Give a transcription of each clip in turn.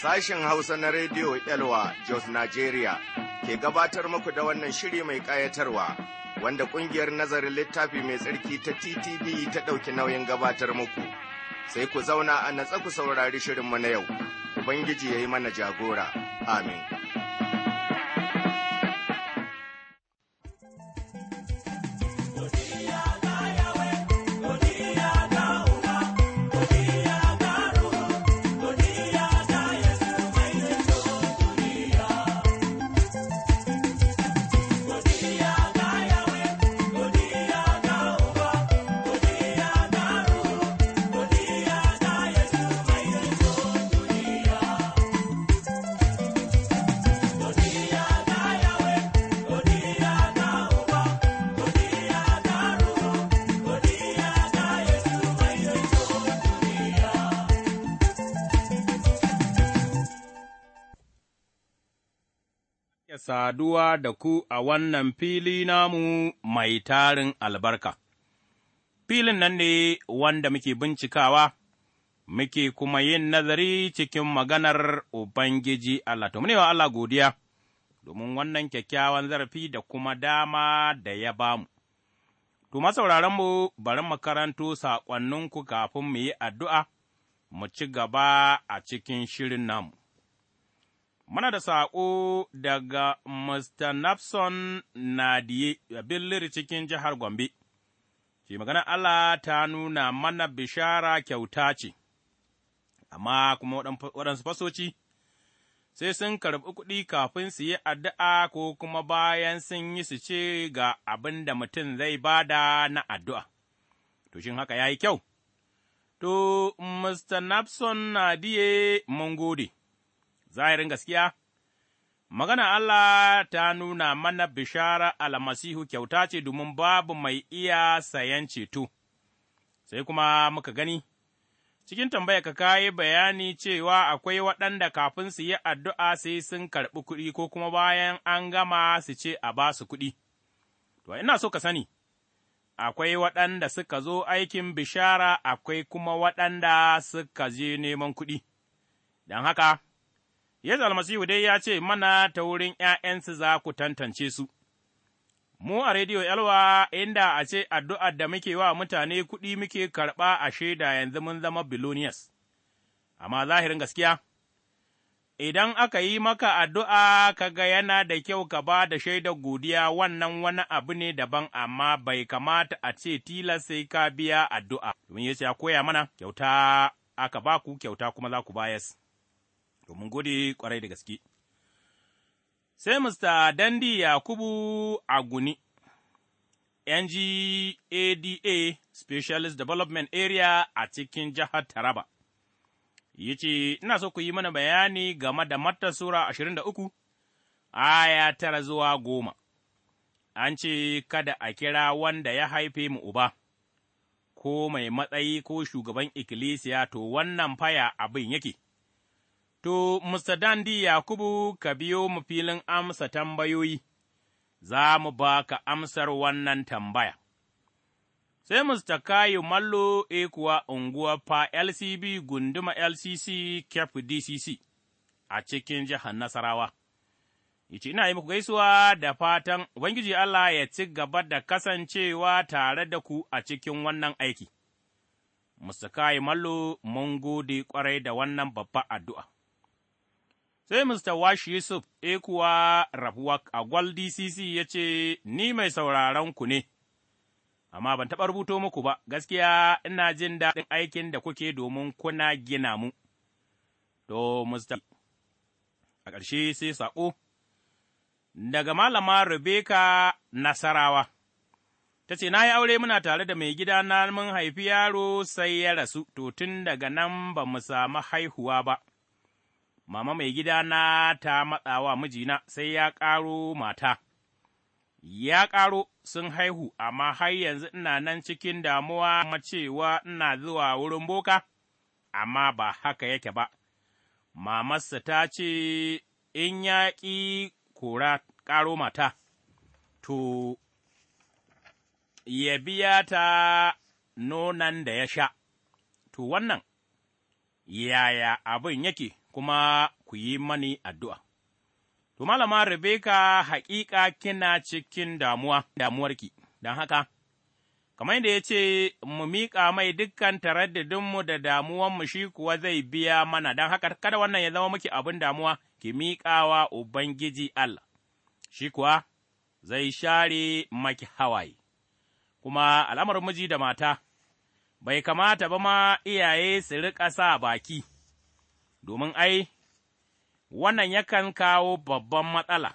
Sashen Hausa na Rediyo Elwa Jos Nigeria ke gabatar muku da wannan shiri mai ƙayatarwa wanda ƙungiyar nazarin littafi mai tsarki ta TTV ta ɗauki nauyin gabatar muku. Sai ku zauna a natsa ku saurari shirinmu na yau, Ubangiji ya yi mana jagora. Amin. saduwa da ku a wannan fili namu mai tarin albarka. Filin nan ne wanda muke bincikawa, muke kuma yin nazari cikin maganar Ubangiji Allah, to wa Allah godiya, domin wannan kyakkyawan zarafi da kuma dama da ya bamu. To, sauraronmu bari makarantu karanto saƙonninku kafin mu yi addu'a, mu ci gaba a cikin shirin namu. Mana da saƙo daga Mr. Napson Nadiye a Billiri cikin jihar Gombe, shi magana Allah ta nuna mana bishara kyauta ce, amma kuma waɗansu fasoci sai sun karɓi kuɗi kafin su yi addu'a ko kuma bayan sun yi su ce ga abin da mutum zai bada na addu'a, to shin haka ya yi kyau? To, Mr. Napson Nadiye mun gode. zahirin gaskiya, magana Allah ta nuna mana bishara almasihu kyauta ce domin babu mai iya sayan ceto, sai kuma muka gani. Cikin tambaya ka kayi bayani cewa akwai waɗanda kafin su yi addu'a sai sun karɓi kuɗi ko kuma bayan an gama su ce a ba su kuɗi. To, ina so ka sani, akwai waɗanda suka zo aikin bishara, akwai kuma waɗanda suka je neman kuɗi, don haka, Yesu almasihu dai ya ce mana ta wurin ’ya'yansu za ku tantance su. Mu a Rediyo Yalwa inda a ce addu'ar da muke wa mutane kuɗi muke karɓa a shaida yanzu mun zama Bilonius, amma zahirin gaskiya, idan aka yi maka addu'a kaga yana da kyau ka ba da shaidar godiya wannan wani abu ne daban amma bai kamata a ce tilas sai ka biya addu'a, domin ya koya mana kyauta aka ba ku kyauta kuma za ku bayas. domin gode kwarai da gaske. Sai Mr. Dandi Yakubu Aguni, NGADA Specialist Development Area a cikin jihar Taraba, ya ce, Ina so ku yi mana bayani game da Matta Sura ashirin da uku, aya tara zuwa goma, an ce, Kada a kira wanda ya haife mu uba. ko mai matsayi ko shugaban ikkilisiya to wannan faya abin yake, To, musadandi Dandi Yakubu ka biyo mu filin amsa tambayoyi, za mu ba ka amsar wannan tambaya. Sai Mista Kayo Mallo e kuwa unguwa fa LCB gunduma LCC Kef DCC a cikin jihar Nasarawa. Ichi ina yi muku gaisuwa da fatan Ubangiji Allah ya ci gaba da kasancewa tare da ku a cikin wannan aiki. Mista Kayo Mallo mun gode kwarai da wannan babba addu'a. sai Mr. Wash Yusuf eh kuwa rabuwa a gwal DCC ya ce, Ni mai sauraron ku ne, amma ban taɓa rubuto muku ba, gaskiya ina jin daɗin aikin da kuke domin kuna gina mu. To, Mr. A ƙarshe sai saƙo, daga Malama Rebeka Nasarawa, ta ce, Na yi aure muna tare da mai gida na mun haifi yaro sai ya rasu, to tun daga nan ba mu samu haihuwa ba. mama mai gidana ta matsa wa mijina sai ya ƙaro mata. Ya ƙaro sun haihu, amma har yanzu ina nan cikin damuwa cewa ina zuwa wurin boka, amma ba haka yake ba. Mamarsa ta ce, In ya ƙi kora ƙaro mata, to, ya biya ta nonan da ya sha, to wannan, yaya abin yake? kuma ku yi mani addu'a. To, Malama Rebeka haƙiƙa kina cikin damuwa, damuwarki, don haka, kamar yadda ya ce, mu miƙa mai dukkan taraddadinmu da damuwanmu shi kuwa zai biya mana, don haka kada wannan ya zama miki abin damuwa, ki miƙawa Ubangiji Allah, shi kuwa zai share maki hawaye. Kuma al'amarin miji da mata, bai kamata ba ma iyaye su riƙa sa baki. domin ai, wannan yakan kawo babban matsala,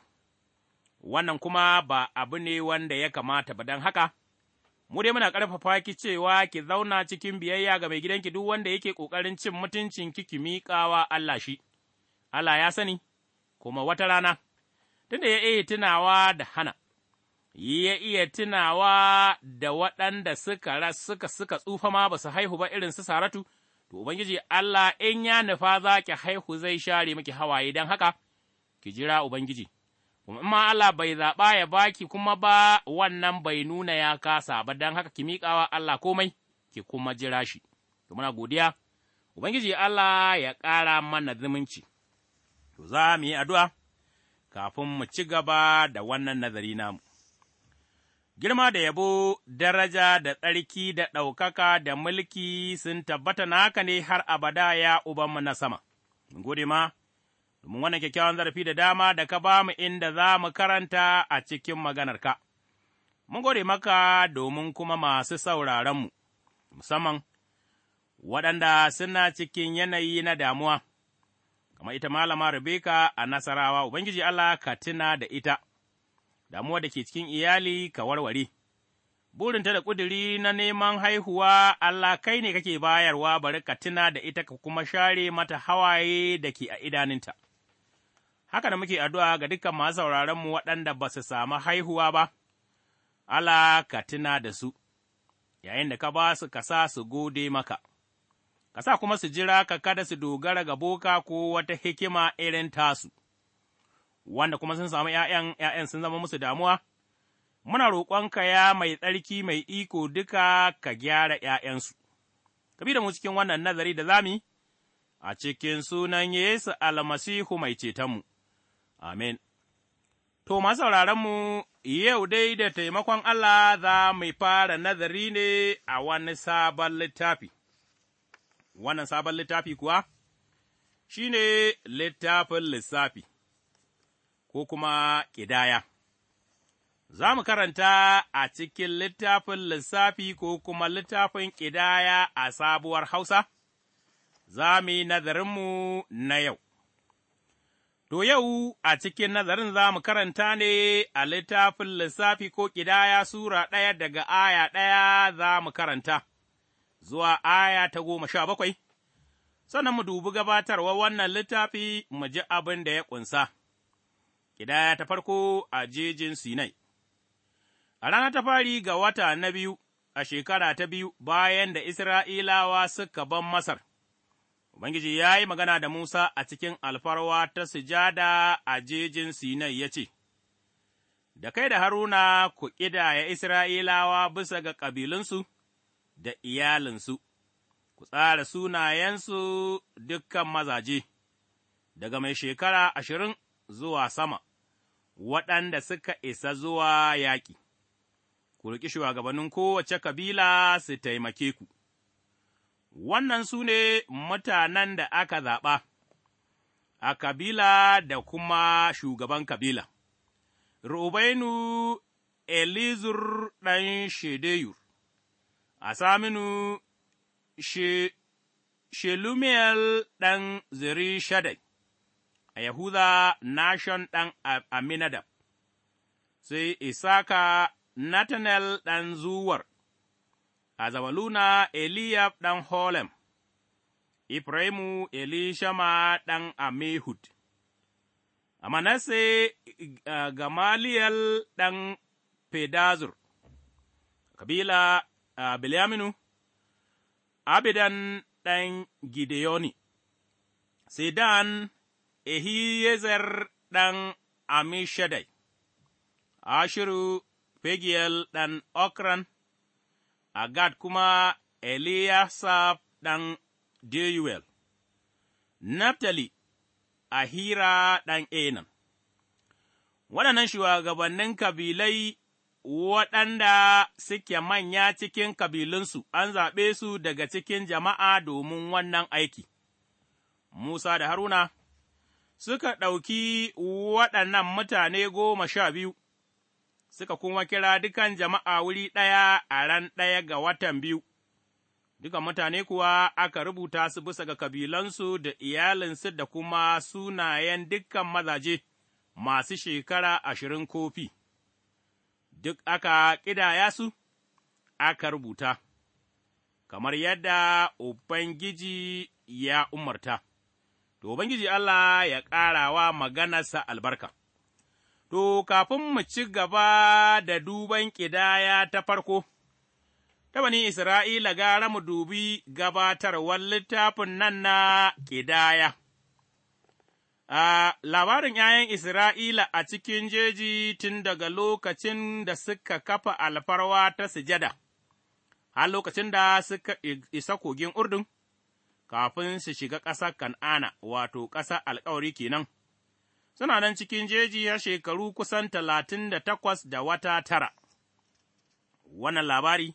wannan kuma ba abu ne wanda ya kamata ba don haka, mu dai muna ƙarfafa ki cewa ki zauna cikin biyayya ga mai gidanki duk wanda yake ƙoƙarin cin mutuncin ki miƙawa Allah shi, Allah ya sani, kuma wata rana, tunda ya iya tunawa da hana, ya iya tunawa da waɗanda suka suka suka tsufa ma ba su haihu ba irin su Saratu, to Ubangiji Allah in ya nufa za ki haihu zai share miki hawaye don haka, ki jira Ubangiji, amma Allah bai zaɓa ya baki kuma ba wannan bai nuna ya kasa ba don haka ki miƙawa Allah komai, ki kuma jira shi, to muna godiya, Ubangiji Allah ya ƙara mana zumunci, to za mu yi addu'a kafin mu ci gaba da wannan nazari namu. girma da yabo, daraja da tsarki da ɗaukaka da mulki sun tabbata haka ne har abada ya Ubanmu na sama. Mun gode ma, domin wannan kyakkyawan zarafi da dama da ka ba mu inda za mu karanta a cikin maganarka. Mun gode maka domin kuma masu sauraronmu, musamman waɗanda suna cikin yanayi na damuwa, kamar ita Malama Rebeka a Nasarawa, Ubangiji Allah ka tuna da ita. damuwa da ke cikin iyali ka warware. Burinta da ƙuduri na neman haihuwa Allah kai ne kake bayarwa bari ka tuna da ita ka kuma share mata hawaye da ke a idaninta. Haka da muke addu'a ga dukkan masu sauraronmu waɗanda ba su samu haihuwa ba, Allah ka tuna da su, yayin da ka ba su ka sa su gode maka, ka sa kuma su jira ka kada su dogara ga boka ko wata hikima irin tasu. wanda kuma sun samu ’ya'yan ’ya'yan sun zama musu damuwa, muna roƙonka ya mai tsarki mai iko duka ka gyara ’ya'yansu, ka bi da mu cikin wannan nazari da zami a cikin sunan Yesu almasihu mai cetonmu, amin. To, masu mu yau dai da taimakon Allah za mu fara nazari ne a wani sabon littafi, wannan sabon littafi kuwa shi ne littafin lissafi. ko kuma ƙidaya. Za mu karanta a cikin littafin lissafi ko kuma littafin ƙidaya a sabuwar Hausa, za mu yi nazarinmu na yau. To, yau a cikin nazarin za mu karanta ne a littafin lissafi ko ƙidaya Sura ɗaya daga aya ɗaya za mu karanta, zuwa aya ta goma sha bakwai, sannan mu dubi gabatarwa wannan littafi mu ji abin da ya ƙunsa. Ƙidaya ta farko a jejin Sinai A rana ta fari ga wata na biyu, a shekara ta biyu bayan da Isra'ilawa suka ban Masar, Ubangiji ya yi magana da Musa a cikin alfarwa ta sujada a jejin Sinai ya ce, Da kai da Haruna ku ƙidaya Isra'ilawa bisa ga ƙabilunsu da iyalinsu, ku tsara sunayensu dukkan mazaje, daga mai shekara ashirin zuwa sama, waɗanda suka isa zuwa yaƙi, ku riƙi shugabannin kowace kabila su taimake ku, wannan su ne mutanen da aka zaɓa a kabila da kuma shugaban kabila, Rubainu Elizur ɗan Shedeyur, Saminu She, Shelumiel ɗan Zerishadai, a yahuda nashon ɗan aminadab sai isaka natanel ɗan zuwar a zabaluna eliyab ɗan holem ibrahimu elishama ɗan amehud a manasse gamaliyal ɗan fedazur kabila a bilyaminu abidan ɗan gideyoni sidan Ehiyezer ɗan Amishadai, Ashiru Fegiel ɗan Okran, Agad kuma Eliyasaf ɗan Deuel, Naftali, Ahira ɗan Enan. Waɗannan shugabannin kabilai waɗanda suke manya cikin kabilunsu an zaɓe su daga cikin jama'a domin wannan aiki, Musa da Haruna. suka ɗauki waɗannan mutane goma sha biyu, suka kuma kira dukan jama'a wuri ɗaya a ran ɗaya ga watan biyu, duka mutane kuwa aka rubuta su bisa ga kabilansu da iyalinsu da kuma sunayen dukan mazaje masu shekara ashirin kofi, duk aka ƙidaya su, aka rubuta, kamar yadda Ubangiji ya umarta. to Ubangiji Allah ya ƙarawa maganarsa albarka. To, kafin mu ci gaba da duban ƙidaya ta farko, ta bani Isra'ila gara mu dubi gabatarwar littafin nan na ƙidaya. A labarin ’ya'yan Isra'ila a cikin jeji tun daga lokacin da suka kafa alfarwa ta sujada, har lokacin da suka isa kogin Urdun, kafin su shiga ƙasa Kan'ana, wato ƙasa alkawari kenan. Suna nan cikin jeji ya shekaru kusan talatin da takwas da wata tara. Wannan labari,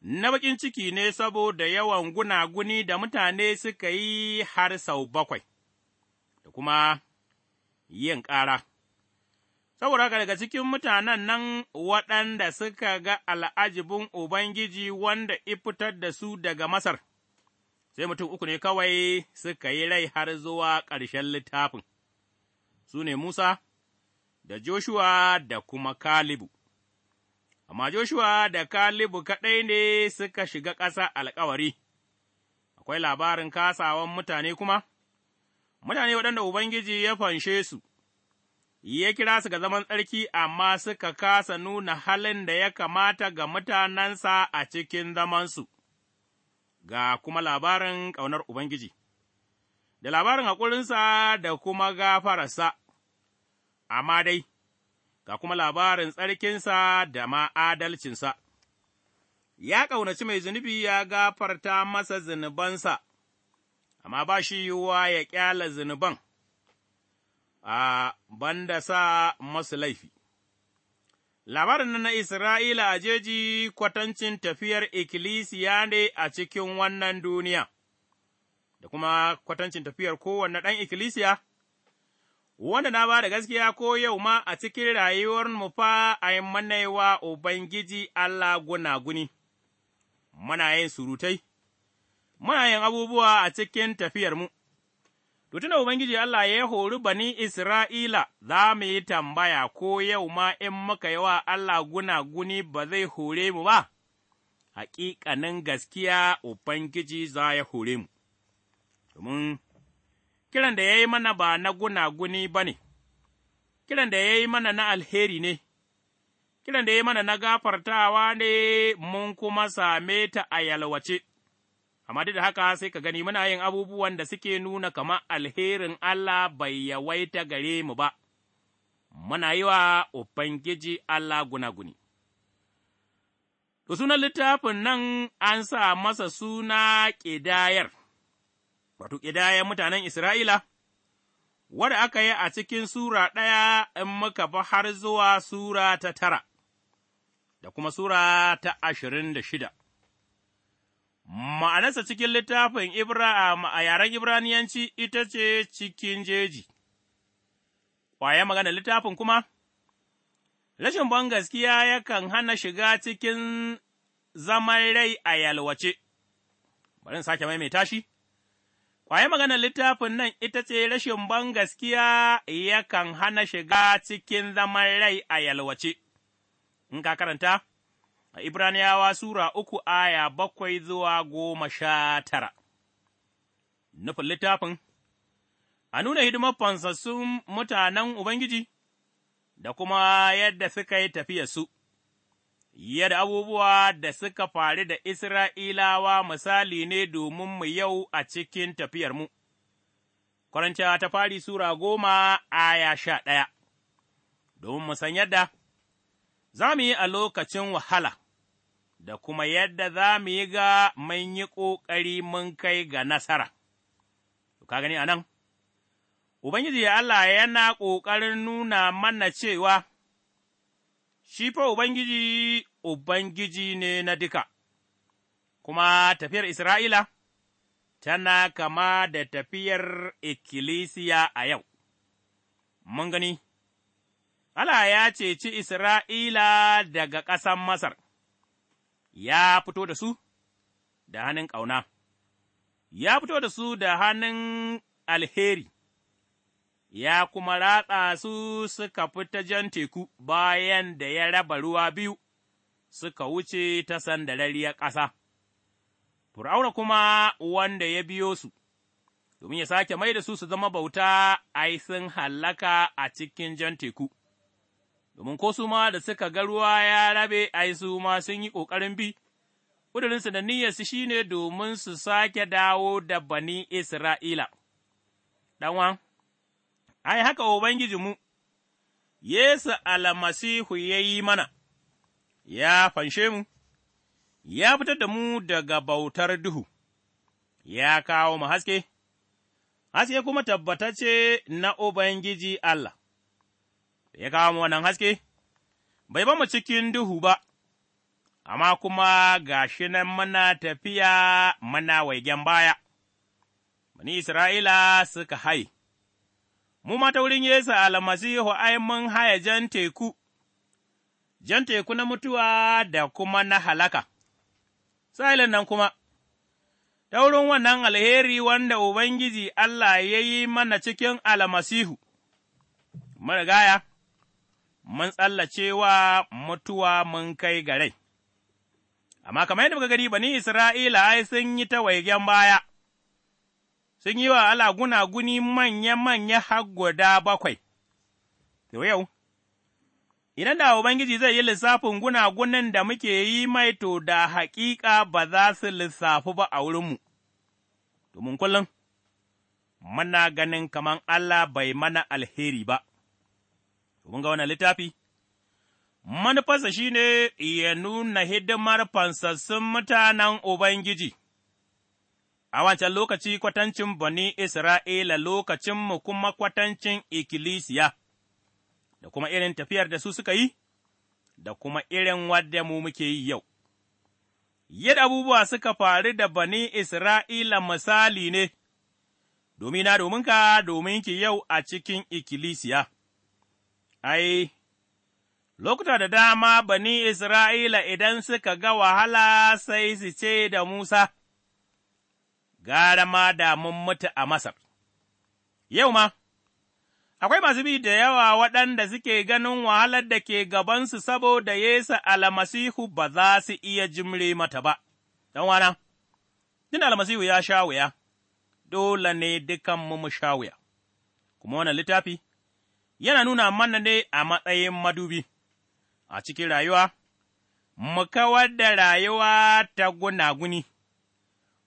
na baƙin ciki ne saboda yawan gunaguni da mutane suka yi har sau bakwai, da kuma yin ƙara. saboda daga cikin mutanen nan waɗanda suka ga al'ajibin Ubangiji wanda ifitar da su daga Masar, sai mutum uku ne kawai suka yi rai har zuwa ƙarshen littafin, su ne Musa, da Joshua da kuma Kalibu. Amma Joshua da Kalibu kaɗai ne suka shiga ƙasa alkawari, akwai labarin kasawan mutane kuma, mutane waɗanda Ubangiji ya fanshe su, ya kira su ga zaman tsarki, amma suka kasa nuna halin da ya kamata ga mutanensa a cikin zamansu. ga kuma labarin ƙaunar Ubangiji, da labarin haƙurinsa da kuma gafararsa, amma dai, ga kuma labarin tsarkinsa da ma adalcinsa. Ya ƙaunaci mai zunubi ya gafarta masa zunubansa, amma ba shi yiwuwa ya ƙyala zunuban, a banda sa masu laifi. Labarin na Isra'ila a jeji kwatancin tafiyar ikkilisiya ne a cikin wannan duniya, da kuma kwatancin tafiyar kowanne ɗan ikkilisiya, wanda na ba da gaskiya ko yau ma a cikin rayuwar mu fa a yi manaiwa Ubangiji Allah gunaguni, muna yin surutai, muna yin abubuwa a cikin tafiyarmu, tuna Ubangiji Allah ya hori bani Isra'ila, za mu yi tambaya ko yau ma in muka yi wa Allah gunaguni ba zai hore mu ba, hakikanin gaskiya Ubangiji za ya hore mu, domin kiran da ya yi mana ba na gunaguni ba ne, kiran da ya yi mana na alheri ne, kiran da ya yi mana na gafartawa ne mun kuma same ta a yalwace. amma duk da haka sai ka gani muna yin abubuwan da suke nuna kama alherin Allah bai yawaita gare mu ba, muna yi wa Ubangiji Allah gunaguni. To sunan littafin nan an sa masa suna ƙidayar, wato ƙidayar mutanen Isra'ila, wadda aka yi a cikin Sura ɗaya in muka bi har zuwa Sura ta tara, da kuma Sura ta ashirin da shida. ma'anarsa cikin littafin Ibrahim a yaren Ibraniyanci ita ce cikin jeji, ƙwaya magana littafin kuma, rashin ban gaskiya yakan hana shiga cikin zaman rai a yalwace, bari sake sake maimaita shi. kwaya magana littafin nan ita ce rashin ban gaskiya yakan hana shiga cikin zaman rai a yalwace, in ka karanta, a Ibraniyawa Sura uku aya bakwai zuwa goma sha tara. Nufin littafin, a nuna hidimar fansassun mutanen Ubangiji da kuma yadda suka yi tafiyarsu, yadda abubuwa da suka faru da Isra'ilawa misali ne domin mu yau a cikin tafiyarmu. Korintiyawa ta fari Sura goma aya sha ɗaya, domin mu san yadda za mu yi a lokacin wahala. da kuma yadda za mu yi ga mun yi ƙoƙari mun kai ga nasara. Ka gani a nan, Ubangiji Allah yana ƙoƙarin nuna mana cewa, Shi fa Ubangiji, Ubangiji ne na duka, kuma tafiyar Isra'ila tana kama da tafiyar ikkilisiya a yau. Mun gani, Allah ya ceci Isra'ila daga ƙasan Masar. ya fito da su da hannun ƙauna, ya fito da su da hannun alheri, ya kuma ratsa su suka fita jan teku bayan da ya raba ruwa biyu suka wuce ta sandarariyar ƙasa. Fir'auna kuma wanda ya biyo su, domin ya sake mai da su su zama bauta, ai sun hallaka a cikin jan teku. domin ko su ma da suka ga ruwa ya rabe ai su ma sun yi ƙoƙarin bi, ƙudurinsu da niyyarsu shi ne domin su sake dawo da bani Isra'ila. Ɗanwa, ai haka mu. Yesu almasihu ya yi mana, ya fanshe mu, ya fitar da mu daga bautar duhu, ya kawo mu haske, haske kuma tabbatacce na Ubangiji Allah. ya kawo mu wannan haske, bai ba mu cikin duhu ba, amma kuma ga shi nan mana tafiya muna waigen baya, bani Isra'ila suka hai, mu ma ta wurin Yesu almasihu ai mun haya jan teku, jan teku na mutuwa da kuma na halaka, sa'ilin nan kuma. ta wurin wannan alheri wanda Ubangiji Allah ya yi mana cikin almasihu, marigaya, mun tsallacewa mutuwa mun kai ga rai. Amma kamar yadda muka gani ni Isra'ila ai sun yi ta waigen baya, sun yi wa Allah guni manya-manya har guda bakwai, to yau, idan da Ubangiji zai yi lissafin guna gunan da muke yi mai to da haƙiƙa ba za su lissafi ba a wurinmu, domin kullum, muna ganin kamar Allah bai mana alheri ba. kun ga wannan littafi? Manufarsa shi ne ya nuna hidimar fansassun mutanen Ubangiji, a wancan lokaci kwatancin bani Isra'ila lokacinmu kuma kwatancin ikkilisiya, da kuma irin tafiyar da su suka yi, da kuma irin wadda mu muke yi yau. Yadda abubuwa suka faru da bani Isra'ila misali ne, domina dominka ki yau a cikin ikkilisiya. ai, lokuta da dama bani Isra'ila idan suka ga wahala sai su ce da Musa, gara ma da mun mutu a Masar, yau ma. Akwai masu bi da yawa waɗanda suke ganin wahalar da ke gabansu saboda Yesu almasihu ba za su iya jimre mata ba, don wana, tun almasihu ya sha wuya, dole ne dukanmu mu sha wuya, kuma wannan littafi yana nuna mana ne a matsayin madubi, a cikin rayuwa, mu kawar da rayuwa ta gunaguni,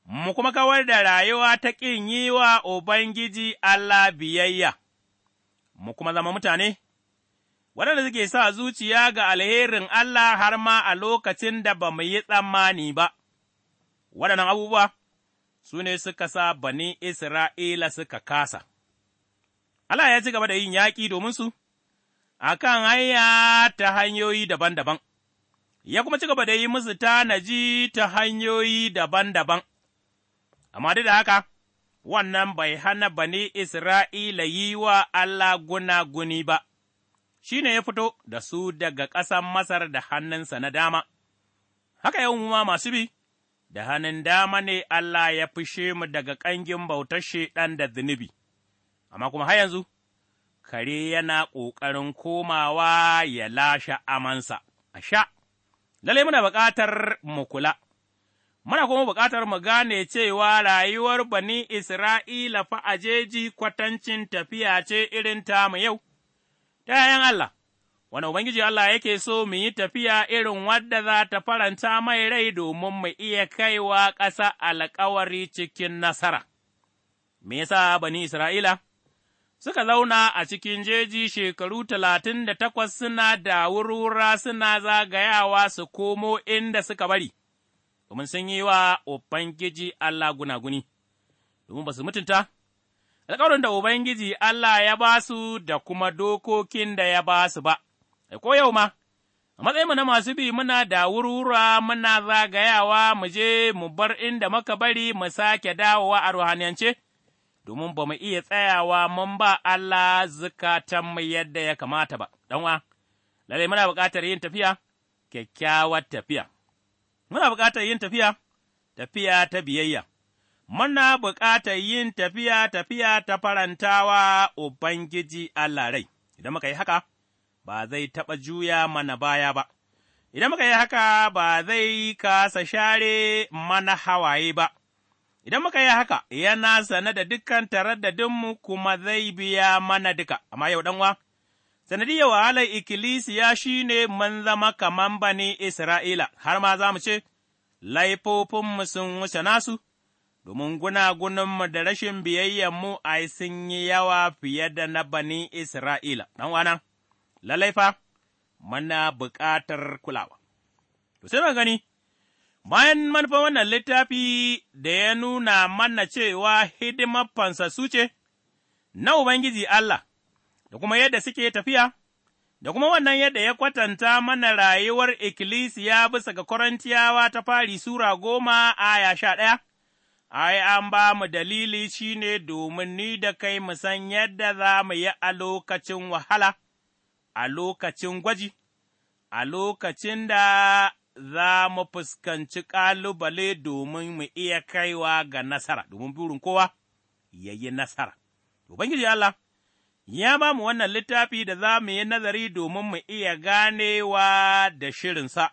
mu kuma kawar da rayuwa ta ƙin yi wa Ubangiji Allah biyayya, mu kuma zama mutane, waɗanda suke sa zuciya ga alherin Allah har ma a lokacin da ba mu yi tsammani ba, waɗannan abubuwa su ne suka sa bani Isra'ila suka kasa. Allah ya ci gaba da yin yaƙi domin su a kan hanya ta hanyoyi daban-daban, ya kuma ci gaba da yi musu tanaji ta hanyoyi daban-daban, amma duk da haka, wannan bai hana bani Isra'ila yi wa Allah gunaguni ba, shi ne ya fito da su daga ƙasan Masar da hannunsa na dama, haka yau ma masu bi. da hannun dama ne Allah ya fushe mu daga ƙangin bautar ɗan da zunubi. amma kuma har yanzu, kare yana ƙoƙarin komawa ya lashe amansa, a sha, lalle muna buƙatar mu kula, muna kuma buƙatar mu gane cewa rayuwar bani Isra'ila fa a jeji kwatancin tafiya ce irin ta tamu yau, ta yayan Allah. wani Ubangiji Allah yake so mu yi tafiya irin wadda za ta faranta mai rai domin mu iya kaiwa ƙasa alƙawari cikin nasara. Me yasa bani Isra'ila suka zauna a cikin jeji shekaru talatin da takwas suna da wurwura suna zagayawa su komo inda suka bari, domin sun yi wa Ubangiji Allah gunaguni, domin ba su mutunta, alƙawarin da Ubangiji Allah ya ba su da kuma dokokin da ya ba su ba, ko yau ma, a matsayinmu na masu bi muna da wurwura muna zagayawa mu je mu bar inda muka bari mu sake dawowa a ruhaniyance. domin ba mu iya tsayawa mun ba Allah mu yadda ya kamata ba, ɗan’uwa, lalle muna buƙatar yin tafiya, kyakkyawar tafiya. Muna buƙatar yin tafiya, tafiya ta biyayya. Muna buƙatar yin tafiya, tafiya ta farantawa Ubangiji Allah rai, idan muka yi haka, ba zai taɓa juya mana baya ba. Idan muka yi haka ba zai kasa share mana hawaye ba, Idan muka yi haka, yana sane da dukkan tare da taraddadinmu kuma zai biya mana duka, amma yau ɗanwa, sanadiyar wahalar ikkilisiya shi ne mun zama kaman bani Isra'ila, har ma za mu ce, laifofinmu sun wuce nasu, domin gunagunanmu da rashin biyayyanmu ai sun yi yawa fiye da na bani Isra'ila, ɗanwana, lallai fa, muna buƙatar kulawa. To sai gani. Bayan manufa wannan littafi da ya nuna mana cewa hidimar fansasu ce, na Ubangiji Allah, da kuma yadda suke tafiya, da kuma wannan yadda ya kwatanta mana rayuwar ikkilisiya bisa ga Korintiyawa ta fari Sura goma aya sha ɗaya, ai, an ba mu dalili shi ne domin ni da kai mu san yadda za mu yi a lokacin wahala, a lokacin gwaji, a lokacin da za mu fuskanci ƙalubale domin mu iya kaiwa ga nasara, domin burin kowa ya yi nasara. Ubangiji Allah, ya ba mu wannan littafi da za mu yi nazari domin mu iya ganewa da shirinsa,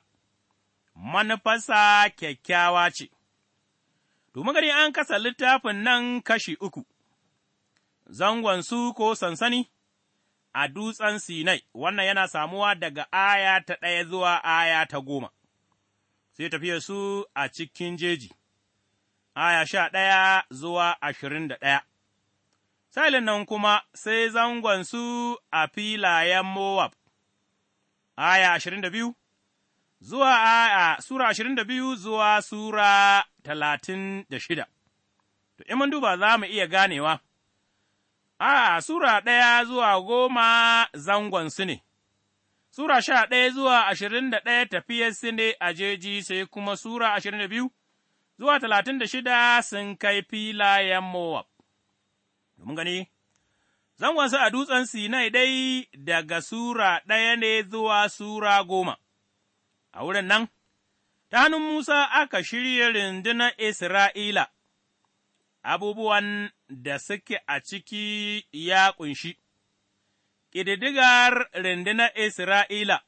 manufarsa kyakkyawa ce. Domin gani an kasa littafin nan kashi uku, zangon su ko sansani. a dutsen Sinai, wannan yana samuwa daga aya ta ɗaya zuwa aya ta goma. sai tafiya su a cikin jeji, aya sha ɗaya zuwa ashirin da ɗaya. Sa'ilin nan kuma sai zangonsu a filayen Moab. aya ashirin da biyu, zuwa aya Sura ashirin da biyu zuwa Sura talatin da shida. To, in mun duba za mu iya ganewa, a Sura ɗaya zuwa goma zangonsu ne. Sura sha ɗaya zuwa ashirin da ɗaya tafiyar sine a jeji sai kuma Sura ashirin da biyu zuwa talatin da shida sun kai filayen Mowab. Domin gani, zan wasu a dutsen Sinai dai daga Sura ɗaya ne zuwa Sura goma, a wurin nan, ta hannun Musa aka shirya rundunar Isra'ila, abubuwan da suke a ciki ya ƙunshi. ƙididdigar rundunar Isra'ila,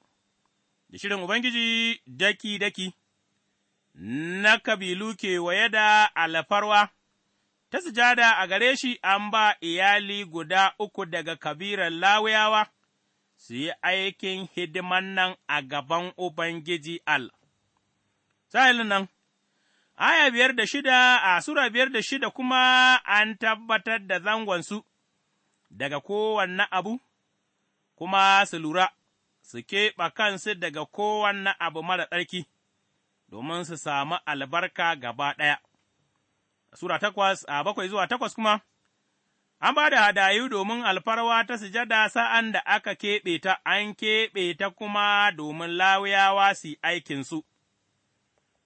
da shirin Ubangiji daki-daki, na kabilu kewaye da alfarwa, ta sujada a gare shi an ba iyali guda uku daga kabiran Lawiyawa su yi aikin hidiman nan a gaban Ubangiji Allah. Sa'ilin nan, aya biyar da shida a Sura biyar da shida kuma an tabbatar da zangonsu daga kowanne abu. kuma su lura, su keɓa kansu daga kowane abu mara tsarki, domin su samu albarka gaba ɗaya. Sura takwas a bakwai zuwa takwas kuma, an ba da hadayu domin alfarwa ta sujada sa'an da aka keɓe ta, an keɓe ta kuma domin lawuyawa su aikinsu.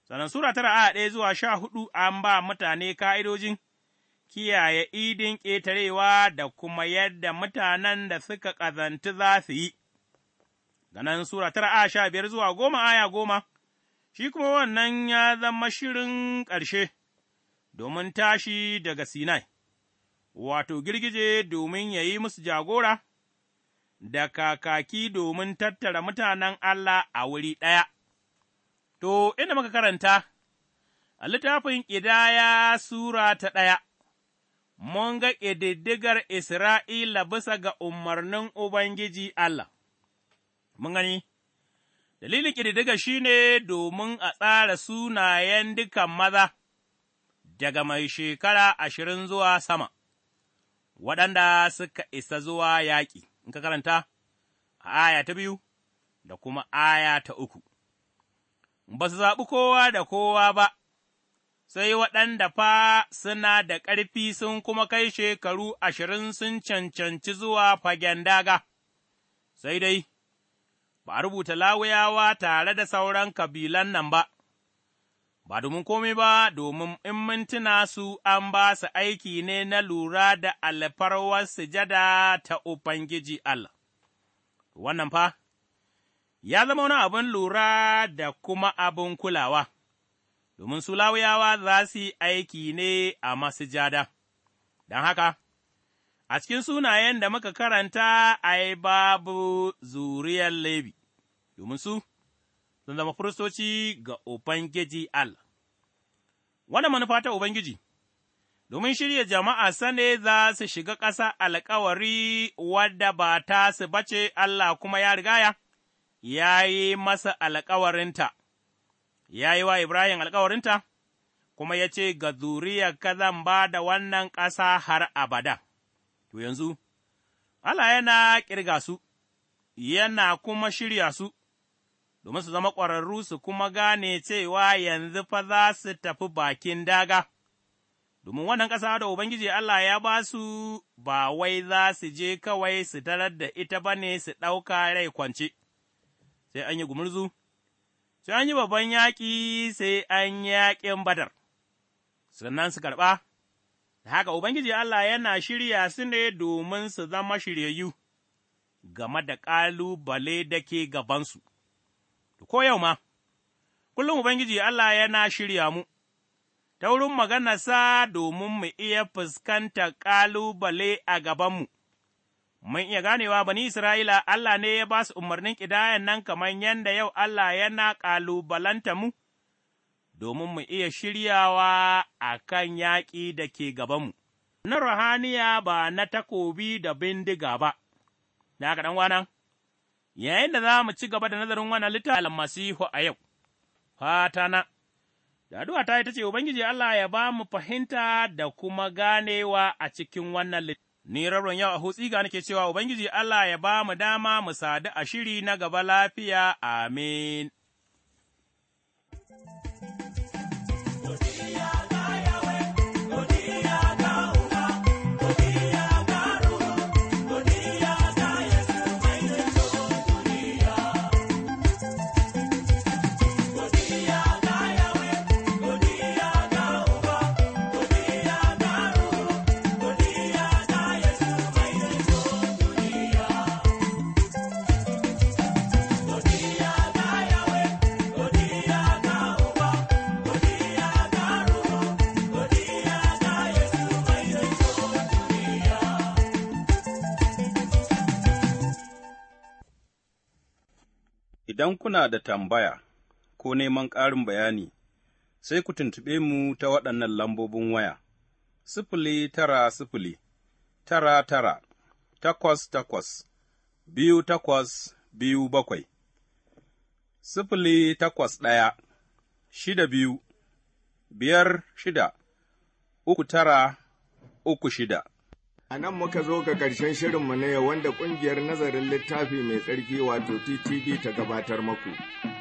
Sannan Sura tara a ɗaya zuwa sha hudu an ba mutane ka'idojin kiyaye idin ƙetarewa da kuma yadda mutanen da suka ƙazantu za su yi. Ganan Sura tara a sha biyar zuwa goma aya goma, shi kuma wannan ya zama shirin ƙarshe domin tashi daga Sinai, wato girgije domin ya yi musu jagora, da kakaki domin tattara mutanen Allah a wuri ɗaya. To, inda muka karanta, a littafin ƙidaya Sura ta ɗaya. mun ga ƙididdigar Isra'ila bisa ga umarnin Ubangiji Allah. Mun gani, dalilin ƙididdiga shi ne domin a tsara sunayen dukan maza daga mai shekara ashirin zuwa sama, waɗanda suka isa zuwa yaƙi, in ka karanta a aya ta biyu da kuma aya ta uku. Ba su zaɓi kowa da kowa ba, sai waɗanda fa suna da ƙarfi sun kuma kai shekaru ashirin sun cancanci zuwa fagen daga, sai dai, ba rubuta lawuyawa tare da sauran kabilan nan ba, ba domin komai ba domin in mintuna su an ba su aiki ne na lura da alfarwar sujada ta Ubangiji Allah. Wannan fa, ya zama wani abin lura da kuma abin kulawa. domin su lawuyawa za su yi aiki ne a masujada. Don haka, a cikin sunayen da muka karanta ai babu zuriyar Lebi, domin su sun zama firistoci ga Ubangiji Allah. wani manufa ta Ubangiji, domin shirya jama'a sane za su shiga ƙasa alkawari wadda ba ta su bace Allah kuma ya riga ya yi masa alkawarinta. ya yi wa Ibrahim alkawarinta, kuma ya ce, Ga zuriya ka zan ba da wannan ƙasa har abada, to yanzu, Allah yana ƙirga su, yana kuma shirya su, domin su zama ƙwararru su kuma gane cewa yanzu fa za su tafi bakin daga. domin wannan ƙasa da Ubangiji Allah ya ba su ba wai za su je kawai su tarar da ita ba ne su ɗauka rai kwance, sai an yi gumurzu, sai an yi babban yaƙi sai an yaƙin badar, sannan su karɓa, da haka Ubangiji Allah yana shirya su ne domin su zama shiryayyu game da ƙalubale da ke gabansu, ko yau ma, kullum Ubangiji Allah yana shirya mu. ta wurin maganarsa domin mu iya fuskanta ƙalubale a gabanmu, mun iya ganewa bani Isra'ila Allah ne ya ba su umarnin ƙidayan nan kamar yadda yau Allah yana ƙalubalanta mu, domin mu iya shiryawa a kan yaƙi da ke gabanmu, na ruhaniya ba na takobi da bindiga ba, na haka ɗan wanan, yayin da za mu ci gaba da nazarin wannan littafin masihu a yau, fatana. Addu'a ta ita ce, Ubangiji Allah ya ba mu fahimta da kuma ganewa a cikin wannan littafin. Ni rabon yau a hutsi ga nake cewa Ubangiji Allah ya ba mu dama mu sadu a shiri na gaba lafiya, amin. Idan kuna da tambaya ko neman ƙarin bayani, sai ku tuntuɓe mu ta waɗannan lambobin waya, sifili tara sifili, tara tara, takwas takwas, biyu takwas biyu bakwai, sifili takwas ɗaya, shida biyu, biyar shida, uku tara, uku shida. A nan muka zo ga ƙarshen shirinmu ne wanda ƙungiyar nazarin littafi mai tsarki wato TTV ta gabatar maku.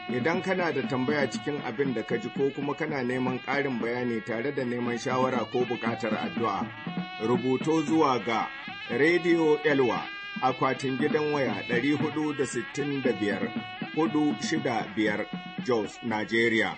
Idan kana da tambaya cikin abin da ka ji ko kuma kana neman ƙarin bayani tare da neman shawara ko buƙatar addu'a, rubuto zuwa ga Radio Elwa akwatin gidan waya 465 465 Jos, Nigeria.